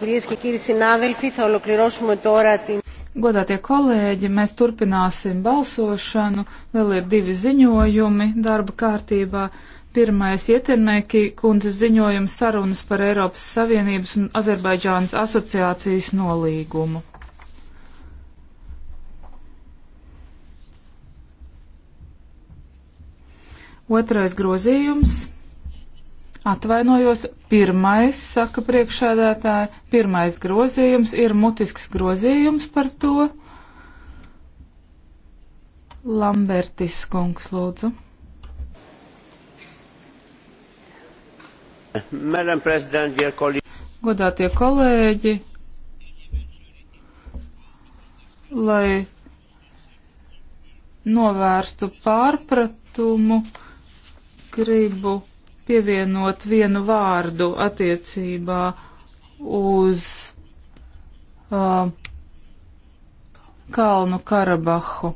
Κυρίες και κύριοι συνάδελφοι, θα ολοκληρώσουμε τώρα την... Godātie kolēģi, mēs turpināsim balsošanu. Vēl ir divi ziņojumi darba kārtībā. Pirmais ietenmēki kundzes ziņojums sarunas par Eiropas Savienības un Azerbaidžānas asociācijas nolīgumu. Otrais grozījums. Atvainojos, pirmais, saka priekšādātāja, pirmais grozījums ir mutisks grozījums par to. Lambertis kungs, lūdzu. Godātie kolēģi, lai novērstu pārpratumu, gribu pievienot vienu vārdu attiecībā uz uh, Kalnu Karabahu.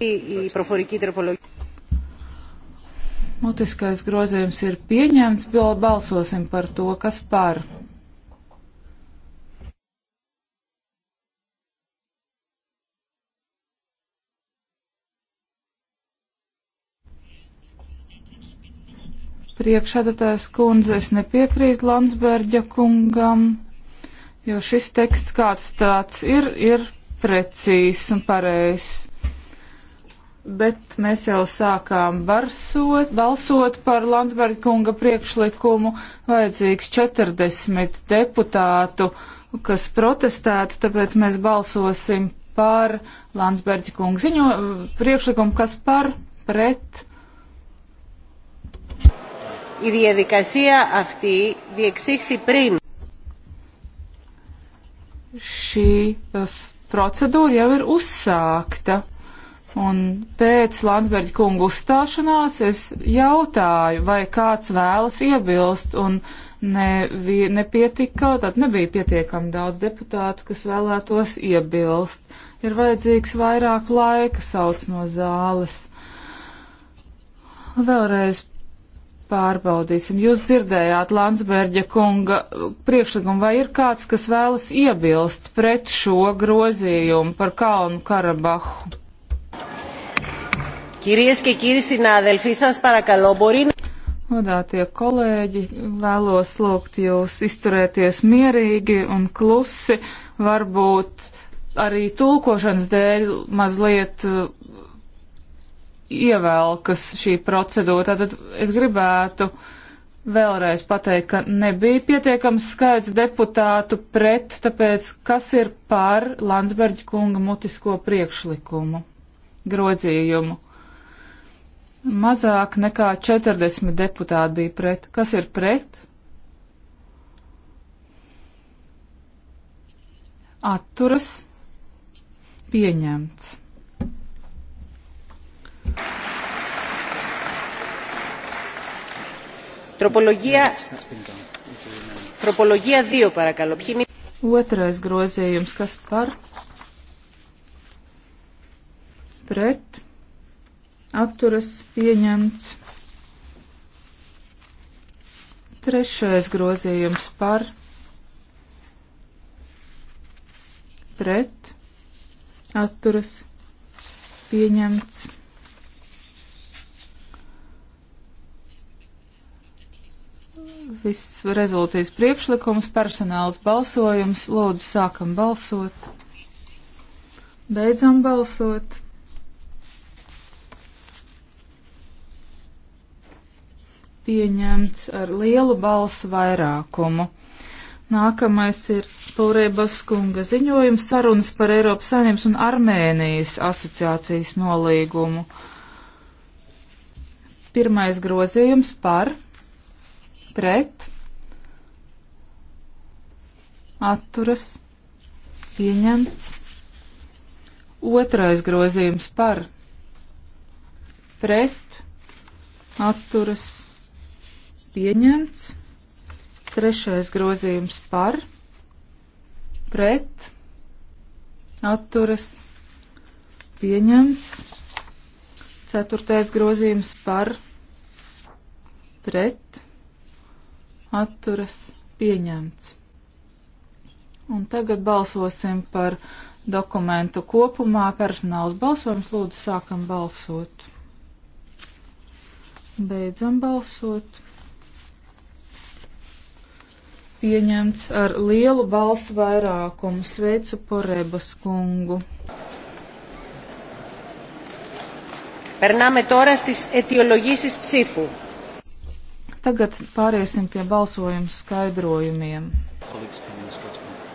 Η προφορική τροπολογία. Mutiskais grozījums ir pieņemts, balsosim par to, kas par. Priekšādatājs kundze, es nepiekrītu Landsbērģa kungam, jo šis teksts kāds tāds ir, ir precīzs un pareizs bet mēs jau sākām barsot, balsot par Landsberga kunga priekšlikumu. Vajadzīgs 40 deputātu, kas protestētu, tāpēc mēs balsosim par Landsberga kunga ziņo priekšlikumu, kas par pret. Η διαδικασία αυτή διεξήχθη πριν. Šī eh, procedūra jau ir uzsākta. Un pēc Landsbergi kungu uzstāšanās es jautāju, vai kāds vēlas iebilst, un ne, nepietika, tad nebija pietiekami daudz deputātu, kas vēlētos iebilst. Ir vajadzīgs vairāk laika sauc no zāles. Vēlreiz pārbaudīsim. Jūs dzirdējāt Landsberģa kunga priekšlikumu, vai ir kāds, kas vēlas iebilst pret šo grozījumu par Kalnu Karabahu? Κυρίες και κύριοι συνάδελφοι, σας παρακαλώ, μπορεί να... Godātie kolēģi, vēlos lūgt jūs izturēties mierīgi un klusi, varbūt arī tulkošanas dēļ mazliet uh, ievēlkas šī procedūra. Tātad es gribētu vēlreiz pateikt, ka nebija pietiekams skaits deputātu pret, tāpēc kas ir par Landsberģa kunga mutisko priekšlikumu grozījumu? Mazāk nekā 40 deputāti bija pret. Kas ir pret? Atturas pieņemts. Tropoloģija. Tropoloģija 2, parakalo. Otrais grozījums, kas par? Pret atturas pieņemts. Trešais grozījums par pret atturas pieņemts. Viss rezolūcijas priekšlikums, personāls balsojums. Lūdzu, sākam balsot. Beidzam balsot. pieņemts ar lielu balsu vairākumu. Nākamais ir Paurēbas kunga ziņojums sarunas par Eiropas saimnības un Armēnijas asociācijas nolīgumu. Pirmais grozījums par, pret, atturas, pieņemts. Otrais grozījums par, pret, atturas, pieņemts pieņemts. Trešais grozījums par, pret, atturas, pieņemts. Ceturtais grozījums par, pret, atturas, pieņemts. Un tagad balsosim par dokumentu kopumā. Personāls balsojums lūdzu sākam balsot. Beidzam balsot pieņemts ar lielu balsu vairākumu. Sveicu Porebas kungu. Περνάμε τώρα στις αιτιολογήσεις ψήφου. Tagad pāriesim pie balsojuma skaidrojumiem. Kolīgs,